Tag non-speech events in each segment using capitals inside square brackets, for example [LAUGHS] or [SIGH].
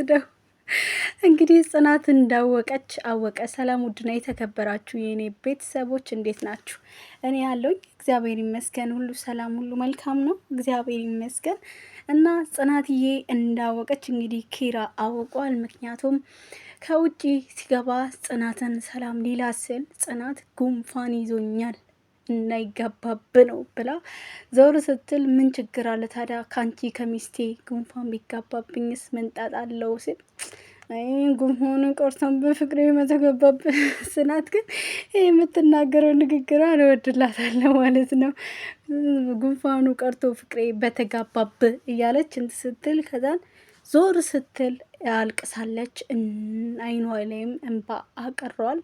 ወስደው እንግዲህ ጽናት እንዳወቀች አወቀ። ሰላም ውድና የተከበራችሁ የእኔ ቤተሰቦች እንዴት ናችሁ? እኔ ያለውኝ እግዚአብሔር ይመስገን፣ ሁሉ ሰላም፣ ሁሉ መልካም ነው፣ እግዚአብሔር ይመስገን። እና ጽናትዬ እንዳወቀች እንግዲህ ኪራ አውቋል። ምክንያቱም ከውጪ ሲገባ ጽናትን ሰላም ሊላ ስል ጽናት ጉንፋን ይዞኛል እናይጋባብ ነው ብላ ዘውር ስትል ምን ችግር አለ ታዲያ ከአንቺ ከሚስቴ ጉንፋን ቢጋባብኝስ መንጣት አለው ሲል ጉንፋኑን ቆርሰን በፍቅር የመተገባብ ስናት ግን የምትናገረው ንግግር አልወድላታለሁ ማለት ነው። ጉንፋኑ ቀርቶ ፍቅሬ በተጋባብ እያለች እንትን ስትል ከዛን ዞር ስትል አልቅሳለች። አይኗ ላይም እንባ አቀረዋል።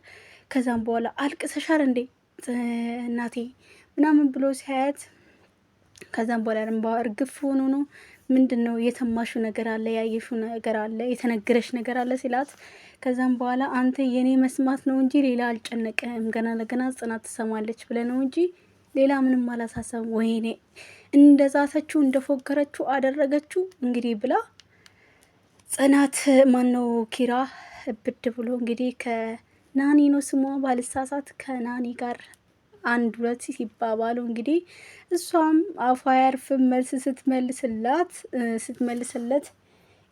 ከዛም በኋላ አልቅሰሻል እንዴ እናቴ ምናምን ብሎ ሲያያት ከዛም በኋላ ደንባ እርግፍ ሆኖ ነው ምንድን ነው የተማሹ ነገር አለ ያየሹ ነገር አለ የተነገረሽ ነገር አለ ሲላት፣ ከዛም በኋላ አንተ የኔ መስማት ነው እንጂ ሌላ አልጨነቀም፣ ገና ለገና ጽናት ትሰማለች ብለ ነው እንጂ ሌላ ምንም አላሳሰብም። ወይኔ እንደ ዛተችው እንደ ፎገረችው አደረገችው እንግዲህ ብላ ጽናት ማነው ኪራ ብድ ብሎ እንግዲህ ናኒ ነው ስሟ ባልሳሳት ከናኒ ጋር አንድ ሁለት ሲባባሉ እንግዲህ እሷም አፏ አያርፍም መልስ ስትመልስላት ስትመልስለት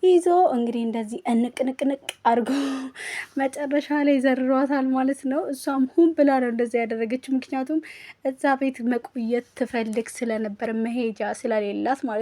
ይዞ እንግዲህ እንደዚህ እንቅንቅንቅ አድርጎ [LAUGHS] መጨረሻ ላይ ዘርሯታል ማለት ነው። እሷም ሁም ብላ ነው እንደዚህ ያደረገችው፣ ምክንያቱም እዛ ቤት መቆየት ትፈልግ ስለነበር መሄጃ ስለሌላት ማለት